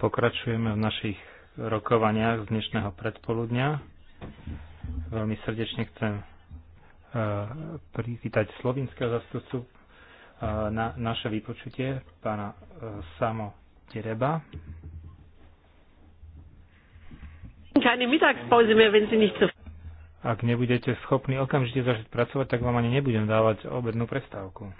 Pokračujeme v našich rokovaniach z dnešného predpoludňa. Veľmi srdečne chcem eh, privítať slovinského zastupcu eh, na naše vypočutie, pána eh, Samo Tereba. Ak nebudete schopní okamžite začať pracovať, tak vám ani nebudem dávať obednú prestávku.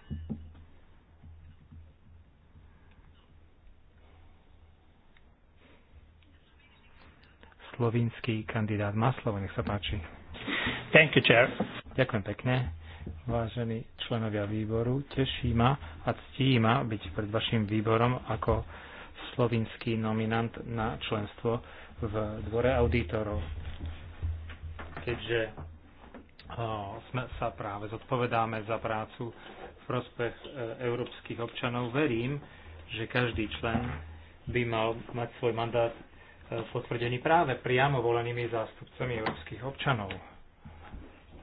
slovinský kandidát Maslovo. Nech sa páči. Thank you, chair. Ďakujem pekne, vážení členovia výboru. Teší ma a ctí ma byť pred vašim výborom ako slovinský nominant na členstvo v dvore auditorov. Keďže o, sme sa práve zodpovedáme za prácu v prospech e, európskych občanov, verím, že každý člen by mal mať svoj mandát potvrdení práve priamo volenými zástupcami európskych občanov.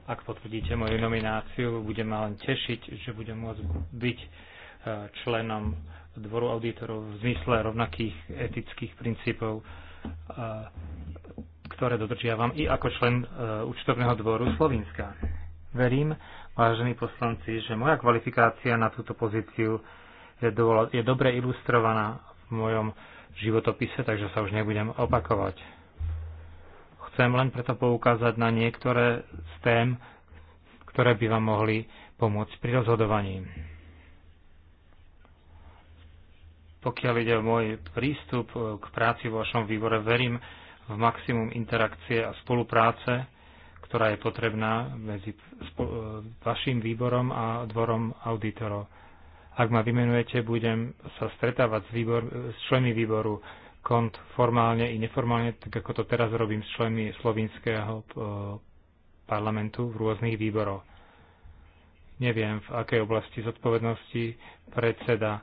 Ak potvrdíte moju nomináciu, budem ma len tešiť, že budem môcť byť e, členom dvoru auditorov v zmysle rovnakých etických princípov, e, ktoré dodržiavam i ako člen e, účtovného dvoru Slovenska. Verím, vážení poslanci, že moja kvalifikácia na túto pozíciu je, dobre ilustrovaná v mojom životopise, takže sa už nebudem opakovať. Chcem len preto poukázať na niektoré z tém, ktoré by vám mohli pomôcť pri rozhodovaní. Pokiaľ ide o môj prístup e, k práci vo vašom výbore, verím v maximum interakcie a spolupráce, ktorá je potrebná medzi e, vašim výborom a dvorom auditorov ak ma vymenujete, budem sa stretávať s, výbor, s členmi výboru kont formálne i neformálne, tak ako to teraz robím s členmi slovinského eh, parlamentu v rôznych výboroch. Neviem, v akej oblasti zodpovednosti predseda, eh,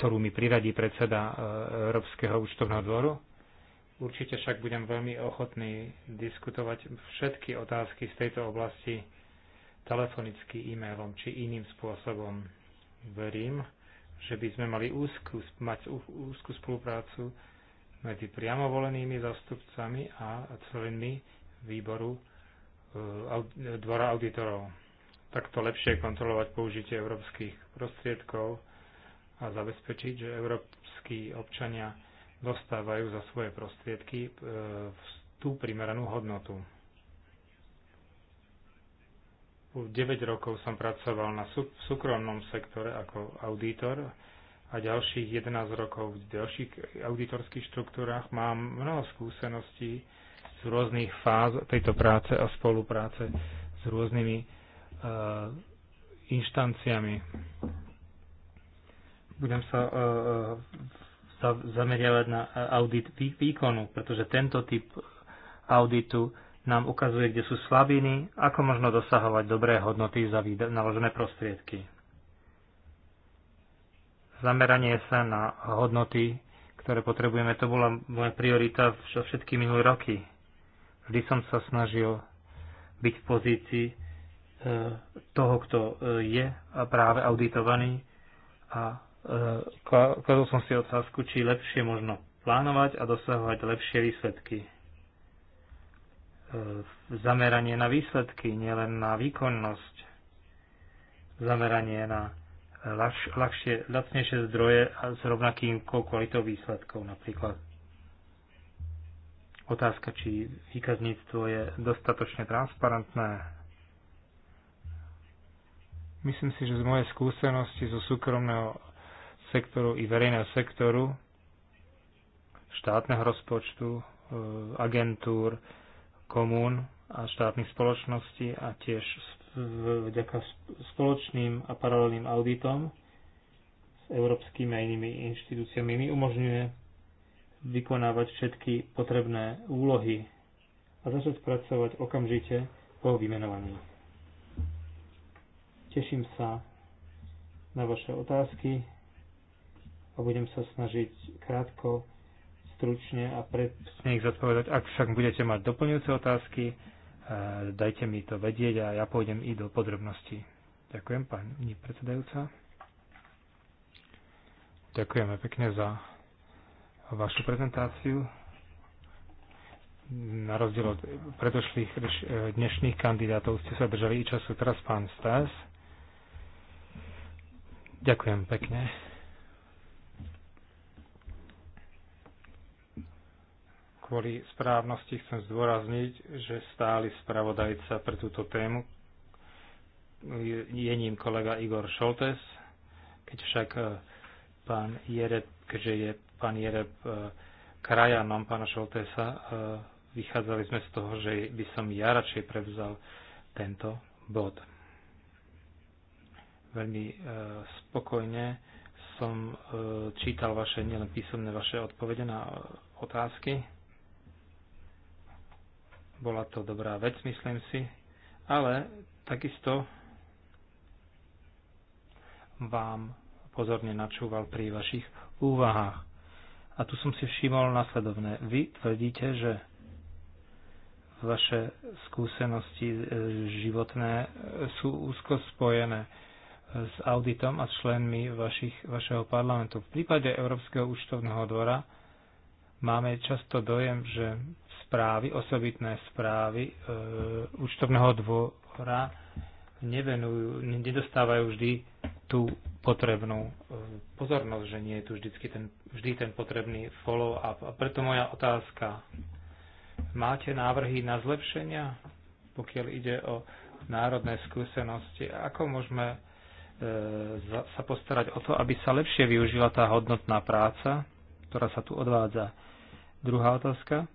ktorú mi priradí predseda eh, Európskeho účtovného dvoru. Určite však budem veľmi ochotný diskutovať všetky otázky z tejto oblasti telefonicky, e-mailom či iným spôsobom. Verím, že by sme mali úzku, mať úzku spoluprácu medzi priamo volenými zastupcami a členmi výboru e, dvora auditorov. Takto lepšie kontrolovať použitie európskych prostriedkov a zabezpečiť, že európsky občania dostávajú za svoje prostriedky e, tú primeranú hodnotu. 9 rokov som pracoval na sú, v súkromnom sektore ako auditor a ďalších 11 rokov v ďalších auditorských štruktúrach. Mám mnoho skúseností z rôznych fáz tejto práce a spolupráce s rôznymi uh, inštanciami. Budem sa uh, zameriavať na audit výkonu, pretože tento typ auditu uh, nám ukazuje, kde sú slabiny, ako možno dosahovať dobré hodnoty za naložené prostriedky. Zameranie sa na hodnoty, ktoré potrebujeme, to bola moja priorita všetky minulé roky. Vždy som sa snažil byť v pozícii e, toho, kto e, je práve auditovaný a e, kladol som si otázku, či lepšie možno plánovať a dosahovať lepšie výsledky. E, zameranie na výsledky, nielen na výkonnosť, zameranie na e, ľahš, ľahšie, lacnejšie zdroje a s rovnakým kvalitou výsledkov napríklad. Otázka, či výkazníctvo je dostatočne transparentné. Myslím si, že z mojej skúsenosti zo súkromného sektoru i verejného sektoru, štátneho rozpočtu, e, agentúr, komún a štátnych spoločností a tiež vďaka spoločným a paralelným auditom s európskymi a inými inštitúciami mi umožňuje vykonávať všetky potrebné úlohy a začať pracovať okamžite po vymenovaní. Teším sa na vaše otázky a budem sa snažiť krátko stručne a presne ich zodpovedať. Ak však budete mať doplňujúce otázky, eh, dajte mi to vedieť a ja pôjdem i do podrobností. Ďakujem, pani predsedajúca. Ďakujeme pekne za vašu prezentáciu. Na rozdiel od predošlých eh, dnešných kandidátov ste sa držali i času. Teraz pán Stas. Ďakujem pekne Kvôli správnosti chcem zdôrazniť, že stály spravodajca pre túto tému je ním kolega Igor Šoltes, keď však e, pán Jereb, keďže je pán Jereb e, krajanom pána Šoltesa, e, vychádzali sme z toho, že by som ja radšej prevzal tento bod. Veľmi spokojne som čítal vaše, nielen písomné vaše odpovede na otázky. Bola to dobrá vec, myslím si, ale takisto vám pozorne načúval pri vašich úvahách. A tu som si všimol nasledovné. Vy tvrdíte, že vaše skúsenosti e, životné e, sú úzko spojené e, s auditom a s členmi vašich, vašeho parlamentu. V prípade Európskeho účtovného dvora máme často dojem, že správy, osobitné správy e, účtovného dvora nevenujú, nedostávajú vždy tú potrebnú e, pozornosť, že nie je tu vždycky ten, vždy ten potrebný follow-up. A preto moja otázka. Máte návrhy na zlepšenia, pokiaľ ide o národné skúsenosti? Ako môžeme e, sa postarať o to, aby sa lepšie využila tá hodnotná práca, ktorá sa tu odvádza? Druhá otázka.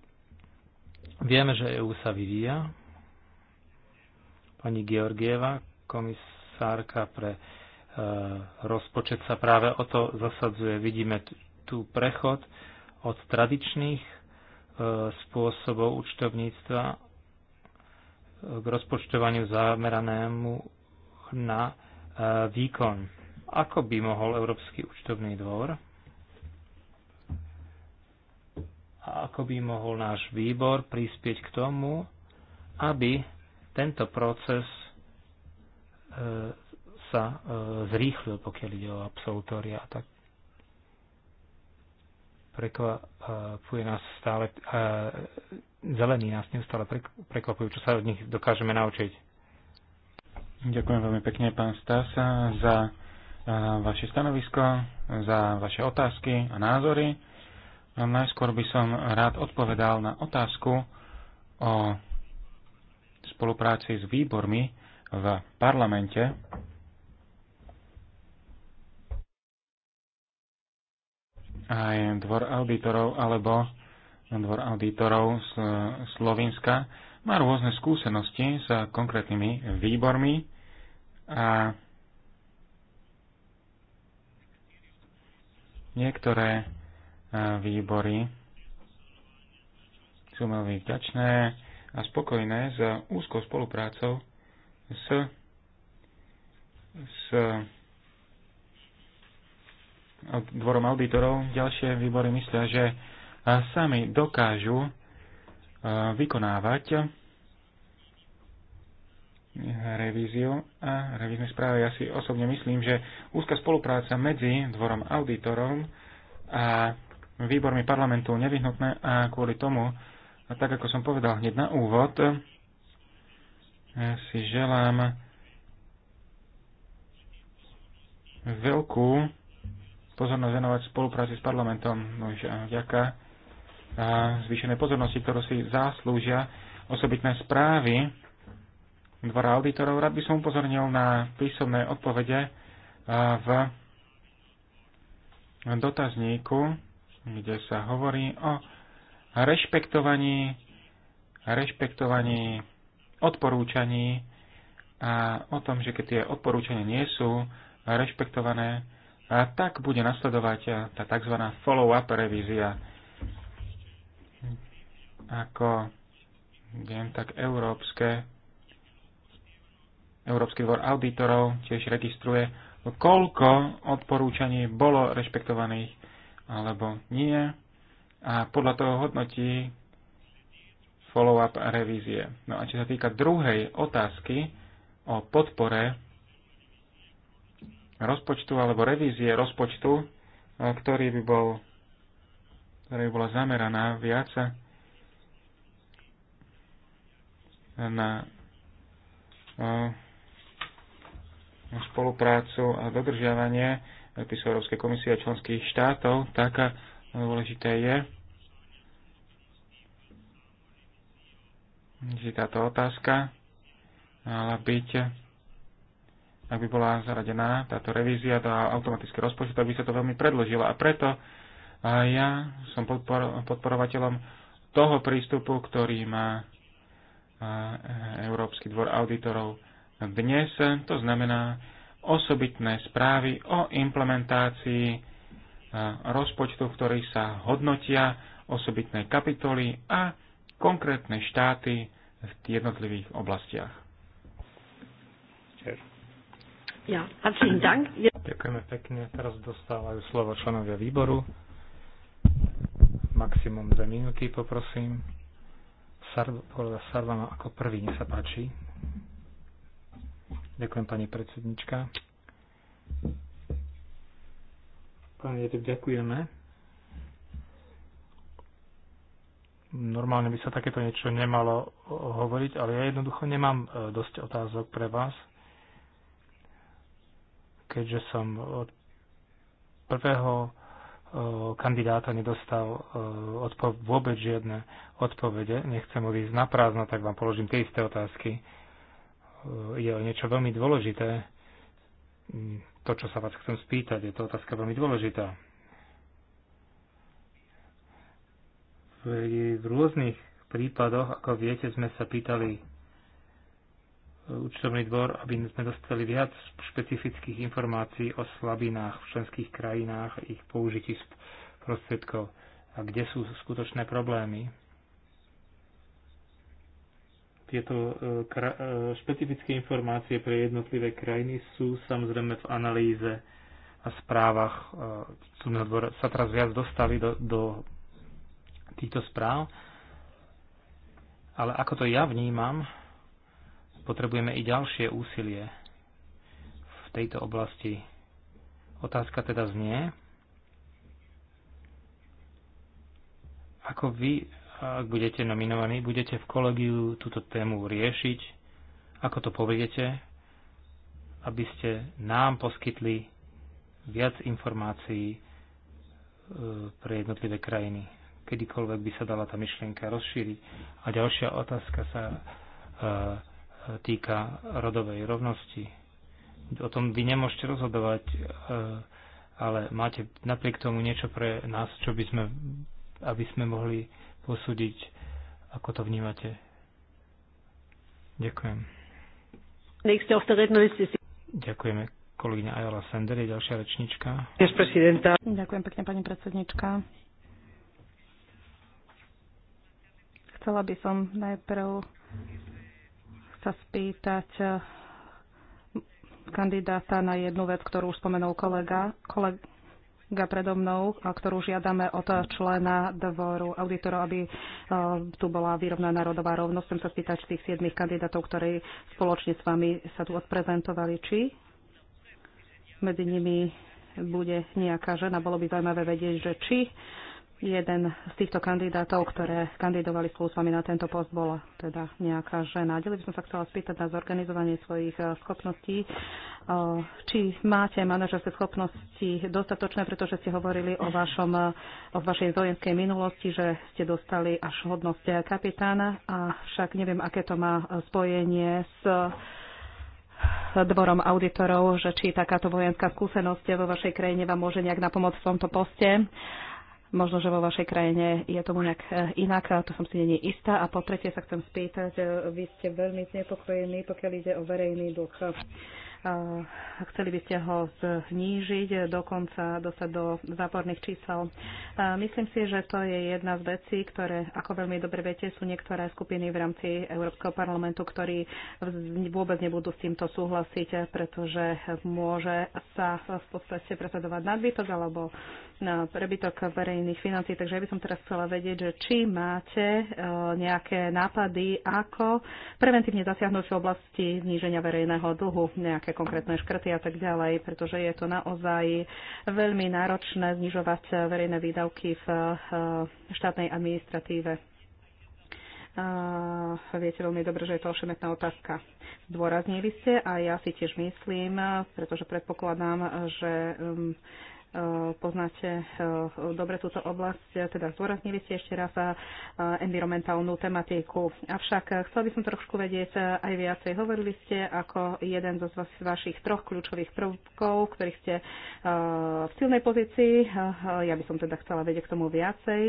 Vieme, že EÚ sa vyvíja. Pani Georgieva, komisárka pre e, rozpočet, sa práve o to zasadzuje. Vidíme tu prechod od tradičných e, spôsobov účtovníctva e, k rozpočtovaniu zameranému na e, výkon. Ako by mohol Európsky účtovný dvor a ako by mohol náš výbor prispieť k tomu, aby tento proces e, sa e, zrýchlil, pokiaľ ide o absolutória. Tak prekvapuje nás stále, e, zelení nás neustále prekvapujú, čo sa od nich dokážeme naučiť. Ďakujem veľmi pekne, pán Stasa, za vaše stanovisko, za vaše otázky a názory. Najskôr by som rád odpovedal na otázku o spolupráci s výbormi v parlamente. Aj dvor auditorov alebo dvor auditorov z Slovenska má rôzne skúsenosti s konkrétnymi výbormi a niektoré výbory sú veľmi vďačné a spokojné s úzkou spoluprácou s, s dvorom auditorov. Ďalšie výbory myslia, že sami dokážu e, vykonávať revíziu a revízne správy. Ja si osobne myslím, že úzka spolupráca medzi dvorom auditorov a výbormi parlamentu nevyhnutné a kvôli tomu, a tak ako som povedal hneď na úvod, si želám veľkú pozornosť venovať spolupráci s parlamentom. No vďaka zvýšenej pozornosti, ktorú si zaslúžia osobitné správy dvora auditorov. Rád by som upozornil na písomné odpovede v dotazníku kde sa hovorí o rešpektovaní, rešpektovaní odporúčaní a o tom, že keď tie odporúčania nie sú rešpektované, a tak bude nasledovať e, tá tzv. follow-up revízia. Ako viem, tak európske, Európsky dvor auditorov tiež registruje, koľko odporúčaní bolo rešpektovaných alebo nie. A podľa toho hodnotí follow-up a revízie. No a čo sa týka druhej otázky o podpore rozpočtu alebo revízie rozpočtu, ktorý by bol, ktorá by bola zameraná viac na spoluprácu a dodržiavanie dopisu Európskej komisie a členských štátov, tak dôležité je, že táto otázka mala byť, ak by bola zaradená táto revízia do automatického rozpočtu, tak by sa to veľmi predložilo. A preto ja som podpor- podporovateľom toho prístupu, ktorý má Európsky dvor auditorov dnes. To znamená, osobitné správy o implementácii e, rozpočtu, v ktorých sa hodnotia osobitné kapitoly a konkrétne štáty v jednotlivých oblastiach. Ja, Ďakujeme pekne. Teraz dostávajú slovo členovia výboru. Maximum dve minúty, poprosím. Sarvana ako prvý, nech sa páči. Ďakujem, pani predsednička. Pán Jedeb, ďakujeme. Normálne by sa takéto niečo nemalo hovoriť, ale ja jednoducho nemám e, dosť otázok pre vás, keďže som od prvého e, kandidáta nedostal e, vôbec žiadne odpovede. Nechcem odísť na prázdno, tak vám položím tie isté otázky je o niečo veľmi dôležité. To, čo sa vás chcem spýtať, je to otázka veľmi dôležitá. V rôznych prípadoch, ako viete, sme sa pýtali účtovný dvor, aby sme dostali viac špecifických informácií o slabinách v členských krajinách, ich použití prostriedkov a kde sú skutočné problémy tieto e, e, špecifické informácie pre jednotlivé krajiny sú samozrejme v analýze a správach e, sa teraz viac dostali do, do týchto správ. Ale ako to ja vnímam, potrebujeme i ďalšie úsilie v tejto oblasti. Otázka teda znie, ako vy ak budete nominovaní, budete v kolegiu túto tému riešiť, ako to povedete, aby ste nám poskytli viac informácií e, pre jednotlivé krajiny. Kedykoľvek by sa dala tá myšlienka rozšíriť. A ďalšia otázka sa e, e, týka rodovej rovnosti. O tom vy nemôžete rozhodovať, ale máte napriek tomu niečo pre nás, čo by sme, aby sme mohli posúdiť, ako to vnímate. Ďakujem. Ďakujeme. Kolegyňa Ayala Sender je ďalšia rečnička. Ďakujem pekne, pani predsednička. Chcela by som najprv sa spýtať eh, kandidáta na jednu vec, ktorú už spomenul kolega, kolega kolega predo mnou, ktorú žiadame od člena dvoru auditorov, aby e, tu bola vyrovnaná národová rovnosť. Chcem sa spýtať tých siedmých kandidátov, ktorí spoločne s vami sa tu odprezentovali, či medzi nimi bude nejaká žena. Bolo by zaujímavé vedieť, že či jeden z týchto kandidátov, ktoré kandidovali spolu s vami na tento post, bola teda nejaká žena. Ďalej by som sa chcela spýtať na zorganizovanie svojich eh, schopností. Eh, či máte manažerské schopnosti dostatočné, pretože ste hovorili o, vašom, eh, o vašej vojenskej minulosti, že ste dostali až hodnosť kapitána a však neviem, aké to má spojenie s dvorom auditorov, že či takáto vojenská skúsenosť vo vašej krajine vám môže nejak na pomoc v tomto poste. Možno, že vo vašej krajine je tomu nejak e, inak, to som si není istá. A po tretie sa chcem spýtať, e, vy ste veľmi znepokojení, pokiaľ ide o verejný dlh. Chceli by ste ho znížiť, dokonca dostať do záporných čísel. Myslím si, že to je jedna z vecí, ktoré, ako veľmi dobre viete, sú niektoré skupiny v rámci Európskeho parlamentu, ktorí vôbec nebudú s týmto súhlasiť, pretože môže sa v podstate presadovať nadbytok alebo na prebytok verejných financí. Takže ja by som teraz chcela vedieť, že či máte e, nejaké nápady, ako preventívne zasiahnuť v oblasti zníženia verejného dlhu, nejaké konkrétne škrty a tak ďalej, pretože je to naozaj veľmi náročné znižovať verejné výdavky v e, štátnej administratíve. Uh, viete veľmi dobre, že je to ošemetná otázka. Zdôraznili ste a ja si tiež myslím, pretože predpokladám, že um, Eh, poznáte eh, dobre túto oblasť, eh, teda zdôraznili ste ešte raz environmentálnu tematiku. Avšak chcel by som trošku vedieť aj viacej. Hovorili ste ako jeden zo vašich troch kľúčových prvkov, ktorých ste v silnej pozícii. Ja by som teda chcela vedieť k tomu viacej.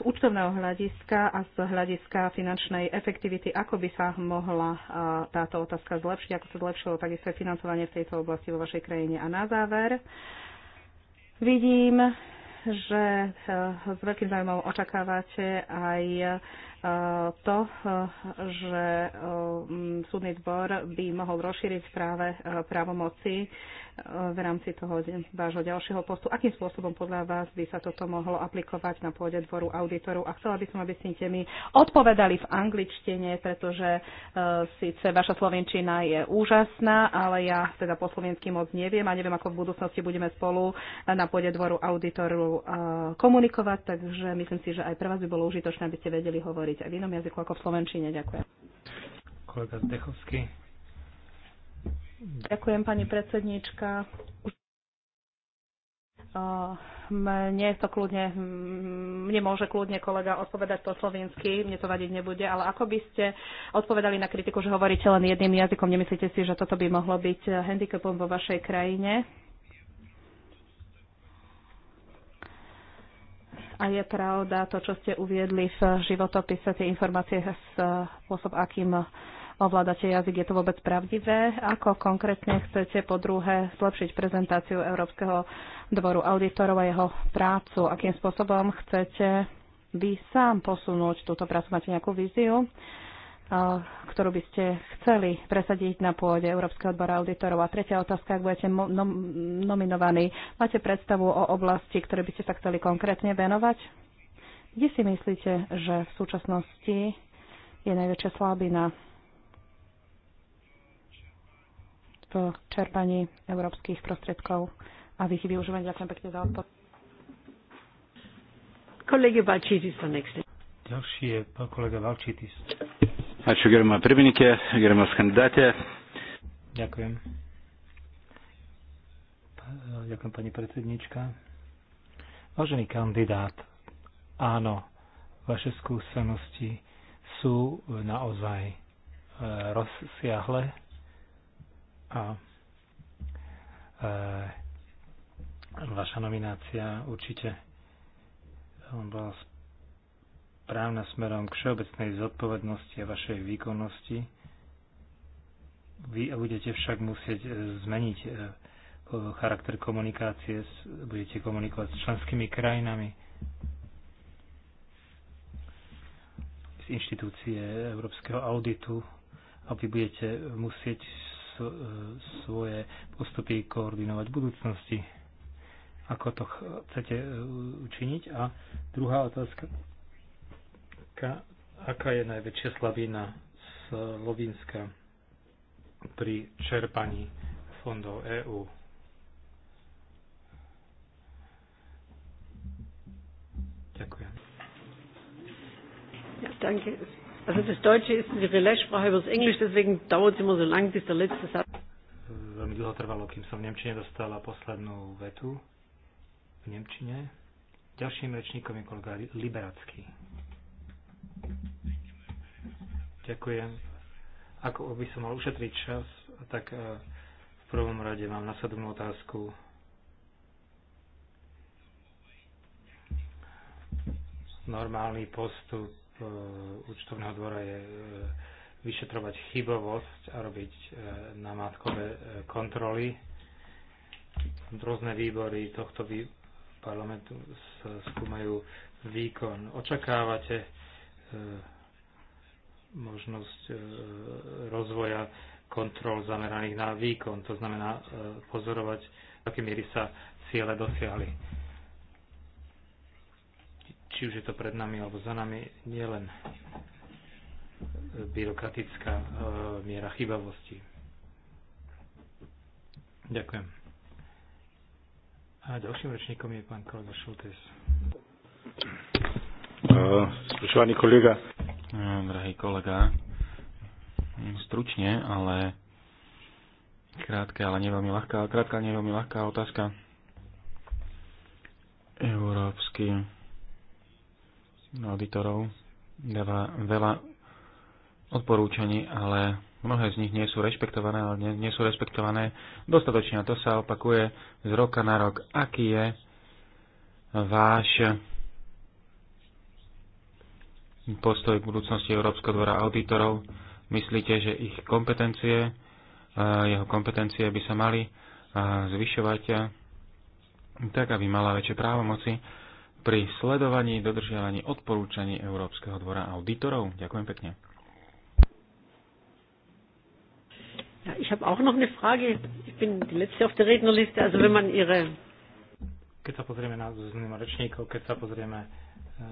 Z účtovného hľadiska a z hľadiska finančnej efektivity, ako by sa mohla táto otázka zlepšiť, ako sa zlepšilo takisto financovanie v tejto oblasti vo vašej krajine. A na záver, Vidím, že e, s veľkým zájmom očakávate aj e, to, e, že súdny dvor by mohol rozšíriť práve právomoci v rámci toho vášho ďalšieho postu. Akým spôsobom podľa vás by sa toto mohlo aplikovať na pôde dvoru auditorov? A chcela by som, aby ste mi odpovedali v angličtine, pretože uh, síce vaša slovenčina je úžasná, ale ja teda po slovensky moc neviem a neviem, ako v budúcnosti budeme spolu na pôde dvoru auditorov uh, komunikovať, takže myslím si, že aj pre vás by bolo užitočné, aby ste vedeli hovoriť aj v inom jazyku ako v slovenčine. Ďakujem. Kolega Zdechovský. Ďakujem, pani predsednička. Eh, mne to kľudne, mm, mne môže kľudne kolega odpovedať po slovinsky, mne to vadiť nebude, ale ako by ste odpovedali na kritiku, že hovoríte len jedným jazykom, nemyslíte si, že toto by mohlo byť handicapom vo vašej krajine? A je pravda to, čo ste uviedli v životopise, tie informácie, spôsob, akým uh, ovládate jazyk, je to vôbec pravdivé? Ako konkrétne chcete po druhé zlepšiť prezentáciu Európskeho dvoru auditorov a jeho prácu? Akým spôsobom chcete vy sám posunúť túto prácu? Máte nejakú víziu? ktorú by ste chceli presadiť na pôde Európskeho dvora auditorov. A tretia otázka, ak budete nominovaní, máte predstavu o oblasti, ktoré by ste sa chceli konkrétne venovať? Kde si myslíte, že v súčasnosti je najväčšia slabina v čerpaní európskych prostriedkov a v ich využívaní. Ďakujem pekne za odpoveď. Kolega Kolege Balčitis, Ďalší je pán kolega Valčitis. Ačiū gerbiamą pirmininkę, gerbiamas kandidatė. Ďakujem. Ďakujem pani predsednička. Vážený kandidát, áno, vaše skúsenosti sú naozaj e, rozsiahle a e, vaša nominácia určite bola správna smerom k všeobecnej zodpovednosti a vašej výkonnosti. Vy budete však musieť e, zmeniť e, charakter komunikácie, budete komunikovať s členskými krajinami, z inštitúcie Európskeho auditu a vy budete musieť E, svoje postupy koordinovať v budúcnosti. Ako to chcete e, učiniť? A druhá otázka. Aká je najväčšia slabina Slovinska pri čerpaní fondov EÚ? Ďakujem. Ja, danke. Also das Deutsche ist die Relaissprache über das Englisch, deswegen dauert es immer so lang, bis der letzte Satz. Veľmi dlho trvalo, kým som v Nemčine dostala poslednú vetu v Nemčine. Ďalším rečníkom je kolega Liberacký. Ďakujem. Ako by som mal ušetriť čas, tak eh, v prvom rade mám nasledovnú otázku. Normálny postup Eh, účtovného dvora je eh, vyšetrovať chybovosť a robiť eh, namátkové kontroly. Rôzne výbory tohto parlamentu skúmajú výkon. Očakávate možnosť rozvoja kontrol zameraných na výkon, to znamená pozorovať, aké miery sa ciele dosiahli či už je to pred nami alebo za nami, nie len byrokratická e, miera chybavosti. Ďakujem. A ďalším rečníkom je pán kolega Šultes. E, spoštovaný uh, kolega. Uh, drahý kolega, stručne, ale krátka, ale neveľmi ľahká, krátka, neveľmi ľahká otázka. Európsky auditorov dáva veľa odporúčaní, ale mnohé z nich nie sú rešpektované, ale nie, nie sú rešpektované dostatočne. A to sa opakuje z roka na rok. Aký je váš postoj k budúcnosti Európskeho dvora auditorov? Myslíte, že ich kompetencie, e, jeho kompetencie by sa mali e, zvyšovať e, tak, aby mala väčšie právomoci? pri sledovaní dodržiavaní odporúčaní Európskeho dvora auditorov. Ďakujem pekne. Ja, ich habe auch noch eine Frage. Ich bin die letzte auf der Rednerliste. Also wenn man Ihre... Keď sa pozrieme na zoznam rečníkov, keď sa pozrieme eh,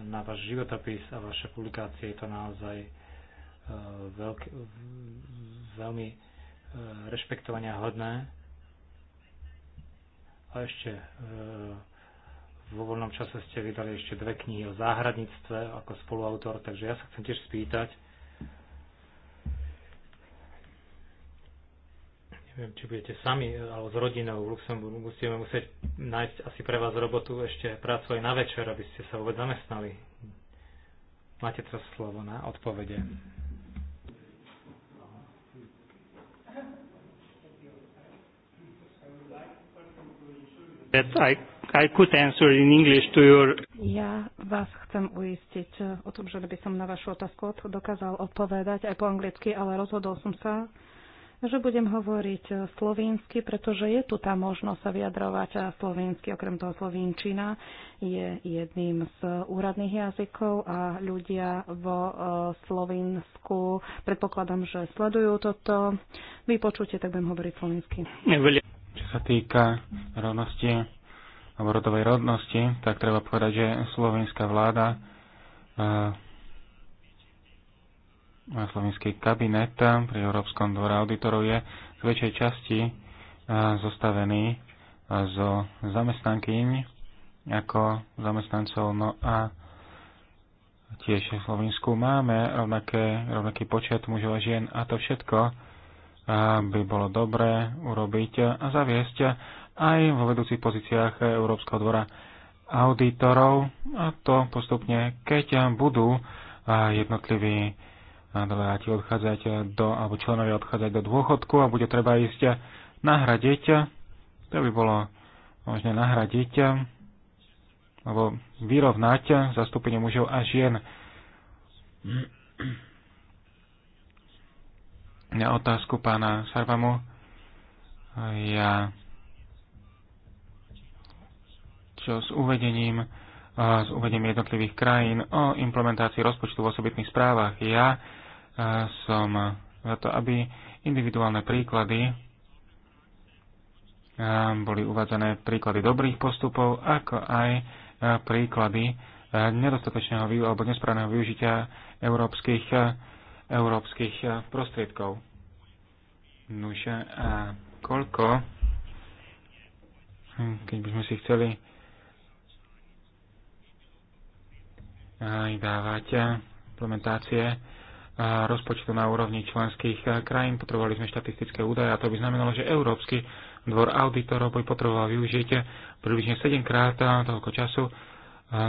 na váš životopis a vaše publikácie, je to naozaj eh, veľk, veľmi eh, rešpektovania hodné. A ešte vo voľnom čase ste vydali ešte dve knihy o záhradníctve ako spoluautor, takže ja sa chcem tiež spýtať, neviem, či budete sami alebo s rodinou v Luxemburgu, musíme musieť nájsť asi pre vás robotu ešte prácu aj na večer, aby ste sa vôbec zamestnali. Máte teraz slovo na odpovede. I i could answer in English to your... Ja vás chcem uistiť o tom, že by som na vašu otázku dokázal odpovedať aj po anglicky, ale rozhodol som sa, že budem hovoriť eh, slovínsky, pretože je tu tá možnosť sa vyjadrovať a eh, slovínsky. Okrem toho slovínčina je jedným z úradných jazykov a ľudia vo eh, Slovensku predpokladám, že sledujú toto vypočutie, tak budem hovoriť slovínsky. Čo sa týka rovnosti alebo rodovej rodnosti, tak treba povedať, že slovenská vláda eh, a slovenský kabinet pri Európskom dvore auditorov je z väčšej časti eh, zostavený eh, zo zamestnankyň ako zamestnancov. No a tiež v Slovensku máme rovnaké, rovnaký počet mužov a žien a to všetko by bolo dobré urobiť a zaviesť aj v vedúcich pozíciách Európskeho dvora auditorov a to postupne, keď budú jednotliví delegáti odchádzať do, alebo členovia odchádzať do dôchodku a bude treba ísť nahradiť, to by bolo možné nahradiť alebo vyrovnať zastúpenie mužov a žien. Na otázku pána Sarvamu ja s uvedením, s uvedením jednotlivých krajín o implementácii rozpočtu v osobitných správach. Ja som za to, aby individuálne príklady boli uvádzané príklady dobrých postupov, ako aj príklady nedostatočného alebo nesprávneho využitia európskych, európskych prostriedkov. Nuž a koľko, keď by sme si chceli dávať eh, implementácie eh, rozpočtu na úrovni členských eh, krajín. Potrebovali sme štatistické údaje a to by znamenalo, že Európsky dvor auditorov by potreboval využiť približne 7 krát toľko času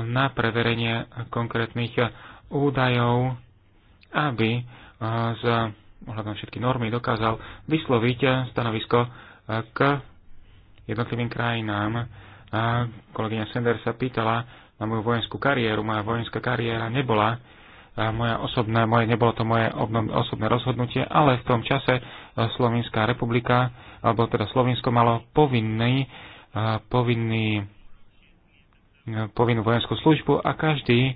na preverenie konkrétnych údajov, aby z ohľadom všetky normy dokázal vysloviť stanovisko k jednotlivým krajinám. Kolegyňa Sender sa pýtala, na moju vojenskú kariéru. Moja vojenská kariéra nebola moja osobná, moje, nebolo to moje osobné rozhodnutie, ale v tom čase e, Slovenská republika, alebo teda Slovensko malo povinný, e, povinný, e, povinnú vojenskú službu a každý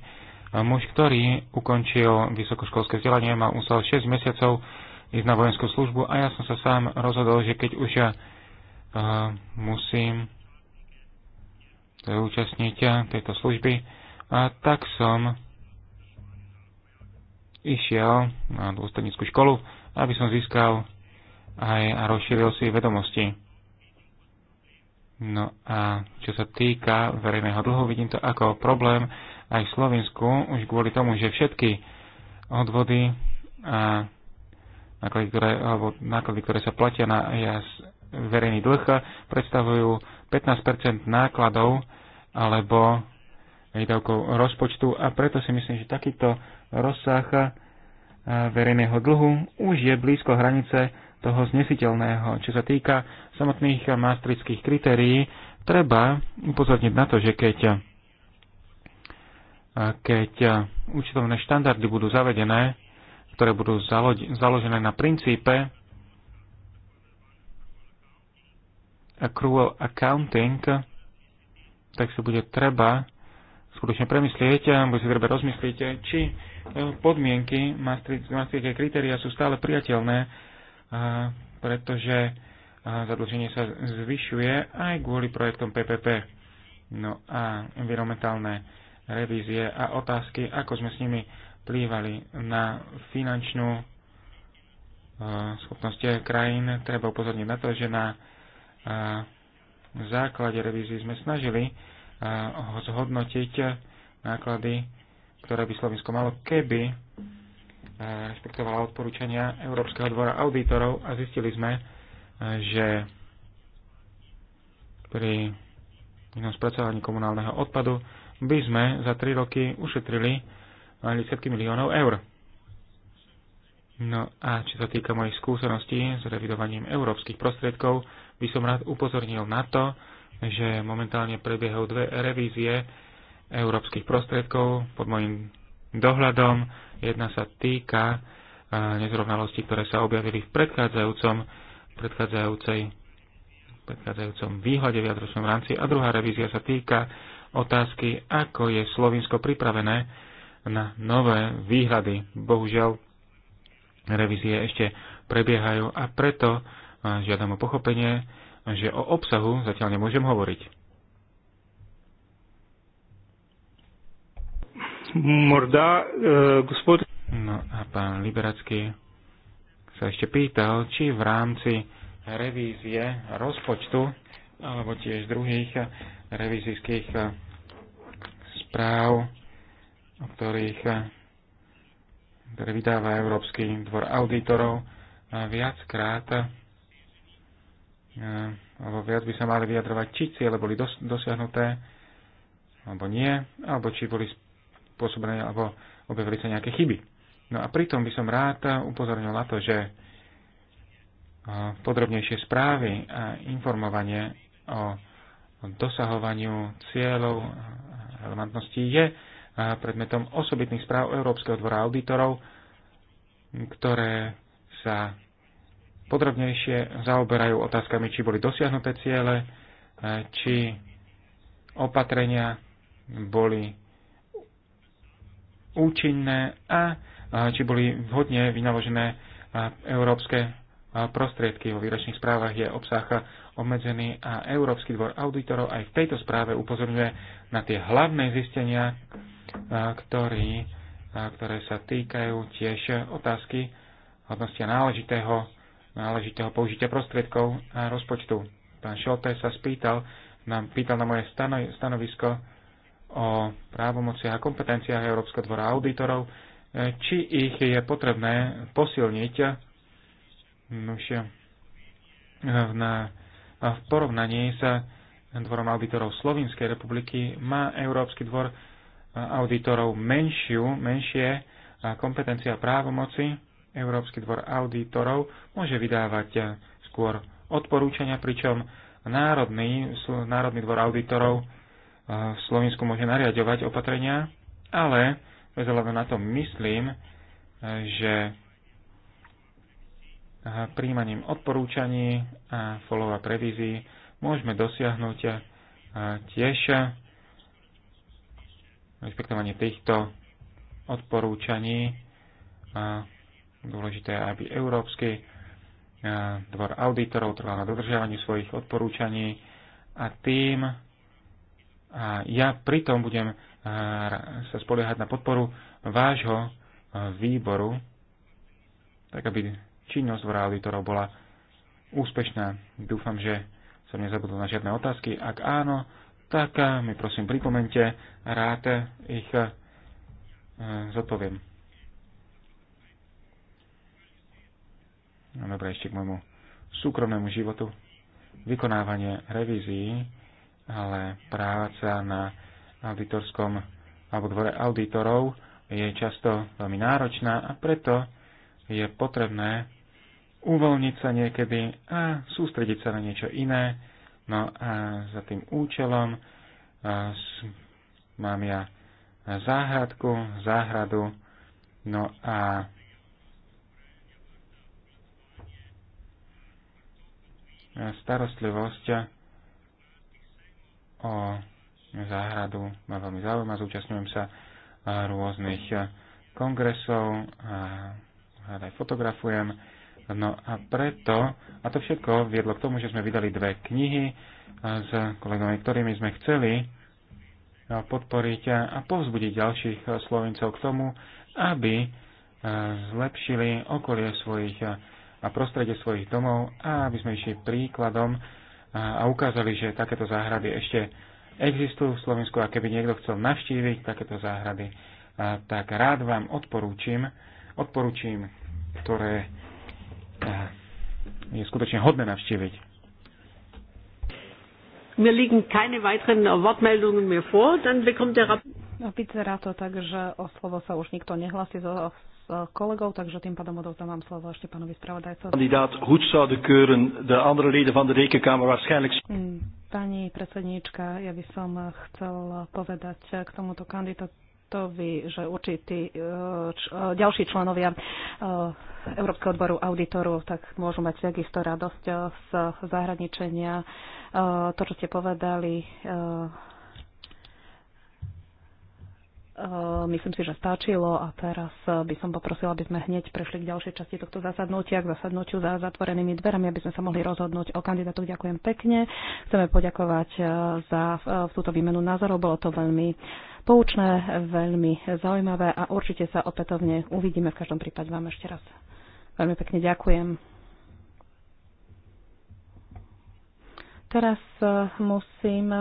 muž, ktorý ukončil vysokoškolské vzdelanie, mal musel 6 mesiacov ísť na vojenskú službu a ja som sa sám rozhodol, že keď už ja uh, musím účastníť tejto služby, a tak som išiel na dôstrednickú školu, aby som získal aj a rozšíril si vedomosti. No a čo sa týka verejného dlhu, vidím to ako problém aj v Slovensku, už kvôli tomu, že všetky odvody a náklady, ktoré, alebo náklady, ktoré sa platia na verejný dlh, predstavujú 15 nákladov alebo výdavkov rozpočtu a preto si myslím, že takýto rozsah eh, verejného dlhu už je blízko hranice toho znesiteľného. Čo sa týka samotných maastrických kritérií, treba upozorniť na to, že keď, eh, keď eh, účtovné štandardy budú zavedené, ktoré budú založené na princípe accrual accounting, tak sa bude treba skutočne premyslieť, alebo si treba rozmyslieť, či e, podmienky maastrichtské kritéria sú stále priateľné, pretože zadlženie sa zvyšuje aj kvôli projektom PPP. No a environmentálne revízie a otázky, ako sme s nimi plývali na finančnú e, schopnosť krajín, treba upozorniť na to, že na v základe revízie sme snažili ho zhodnotiť náklady, ktoré by Slovensko malo, keby respektovala odporúčania Európskeho dvora auditorov a zistili sme, že pri inom spracovaní komunálneho odpadu by sme za 3 roky ušetrili len 10 miliónov eur. No a čo sa týka mojich skúseností s revidovaním európskych prostriedkov, by som rád upozornil na to, že momentálne prebiehajú dve revízie európskych prostriedkov pod môjim dohľadom. Jedna sa týka e, nezrovnalosti, ktoré sa objavili v predchádzajúcom, predchádzajúcej, predchádzajúcom výhľade jadročnom rámci a druhá revízia sa týka otázky, ako je Slovinsko pripravené na nové výhľady. Bohužiaľ, revízie ešte prebiehajú a preto e, žiadam o pochopenie, že o obsahu zatiaľ nemôžem hovoriť. Morda, e, gospod... No a pán Liberacký sa ešte pýtal, či v rámci revízie rozpočtu alebo tiež druhých revízijských e, správ, o ktorých ktoré vydáva Európsky dvor auditorov, viackrát alebo viac by sa mali vyjadrovať, či ciele boli dos- dosiahnuté, alebo nie, alebo či boli spôsobené, alebo objavili sa nejaké chyby. No a pritom by som rád upozornil na to, že podrobnejšie správy a informovanie o dosahovaniu cieľov relevantnosti je predmetom osobitných správ Európskeho dvora auditorov, ktoré sa podrobnejšie zaoberajú otázkami, či boli dosiahnuté ciele, e, či opatrenia boli účinné a e, či boli vhodne vynaložené e, európske prostriedky. Vo výročných správach je obsah obmedzený a Európsky dvor auditorov aj v tejto správe upozorňuje na tie hlavné zistenia, ktorý, ktoré sa týkajú tiež otázky hodnosti náležitého, náležitého použitia prostriedkov a rozpočtu. Pán Šolte sa spýtal, nám pýtal na moje stanovisko o právomociach a kompetenciách Európskeho dvora auditorov, e, či ich je potrebné posilniť e, na, v porovnaní sa dvorom auditorov Slovenskej republiky má Európsky dvor auditorov menšiu, menšie kompetencia právomoci. Európsky dvor auditorov môže vydávať e, skôr odporúčania, pričom Národný, Národný dvor auditorov e, v Slovensku môže nariadovať opatrenia, ale bez hľadu na to myslím, e, že príjmaním odporúčaní a follow-up revízií môžeme dosiahnuť tiež rešpektovanie týchto odporúčaní a dôležité, aby Európsky e, dvor auditorov trval na dodržiavaní svojich odporúčaní a tým a ja pritom budem e, sa spoliehať na podporu vášho e, výboru, tak aby činnosť dvora auditorov bola úspešná. Dúfam, že som nezabudol na žiadne otázky. Ak áno, tak eh, mi prosím pripomente, rád ich eh, zodpoviem. No dobre, ešte k môjmu súkromnému životu. Vykonávanie revízií, ale práca na auditorskom alebo dvore auditorov je často veľmi náročná a preto je potrebné uvoľniť sa niekedy a sústrediť sa na niečo iné, No a za tým účelom mám ja záhradku, záhradu, no a starostlivosť o záhradu ma veľmi zaujíma. Zúčastňujem sa rôznych kongresov a aj fotografujem No a preto, a to všetko viedlo k tomu, že sme vydali dve knihy e, s kolegami, ktorými sme chceli e, podporiť a povzbudiť ďalších e, Slovencov k tomu, aby zlepšili okolie svojich a prostredie svojich domov a aby sme išli príkladom a ukázali, že takéto záhrady ešte existujú v Slovensku a keby niekto chcel navštíviť takéto záhrady, tak rád vám odporúčim, odporúčim, ktoré Eh, je skutočne hodné navštíviť. Mir liegen keine weiteren Wortmeldungen mehr vor, dann bekommt der Vyzerá no, to tak, že o slovo sa už nikto nehlasí s kolegou, takže tým pádom odovzdávam slovo ešte pánovi spravodajcovi. Kandidát goed zouden keuren de andere leden van de rekenkamer waarschijnlijk... Mm, pani predsedníčka, ja by som chcel povedať k tomuto kandidátu faktovi, že určití e, e, ďalší členovia e, Európskeho odboru auditorov tak môžu mať takisto radosť z zahraničenia. To, čo ste povedali, Eh, myslím si, že stačilo a teraz eh, by som poprosila, aby sme hneď prešli k ďalšej časti tohto zasadnutia, k zasadnutiu za zatvorenými dverami, aby sme sa mohli rozhodnúť o kandidátoch. Ďakujem pekne. Chceme poďakovať eh, za túto výmenu názorov. Bolo to veľmi poučné, veľmi zaujímavé a určite sa opätovne uvidíme. V každom prípade vám ešte raz veľmi pekne ďakujem. Teraz musím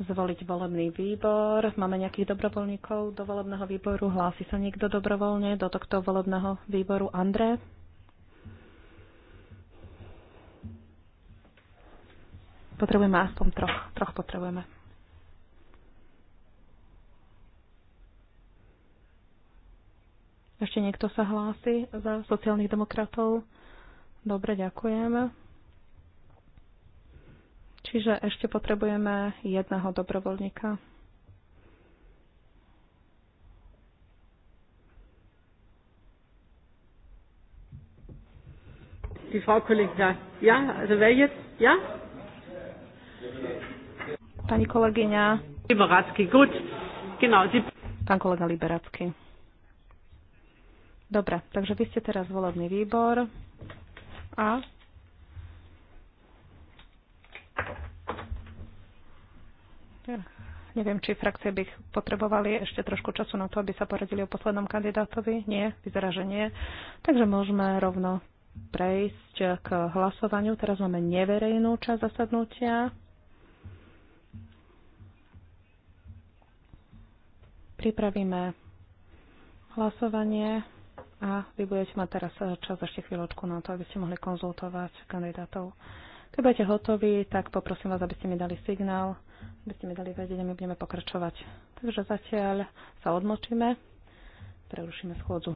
zvoliť volebný výbor. Máme nejakých dobrovoľníkov do volebného výboru? Hlási sa niekto dobrovoľne do tohto volebného výboru? André? Potrebujeme aspoň troch. Troch potrebujeme. Ešte niekto sa hlási za sociálnych demokratov? Dobre, ďakujem. Čiže ešte potrebujeme jedného dobrovoľníka. Die Frau Kollegin ja, also wer jetzt, ja? Pani kolegyňa. Liberacky, gut. Genau, Sie... Pán kolega Liberacky. Dobre, takže vy ste teraz volebný výbor a Neviem, či frakcie by potrebovali ešte trošku času na to, aby sa poradili o poslednom kandidátovi. Nie, vyzerá, že nie. Takže môžeme rovno prejsť k hlasovaniu. Teraz máme neverejnú časť zasadnutia. Pripravíme hlasovanie a vy budete mať teraz čas ešte chvíľočku na to, aby ste mohli konzultovať kandidátov. Keď budete hotoví, tak poprosím vás, aby ste mi dali signál by ste mi dali vedieť a my budeme pokračovať. Takže zatiaľ sa odmočíme, prerušíme schôdzu.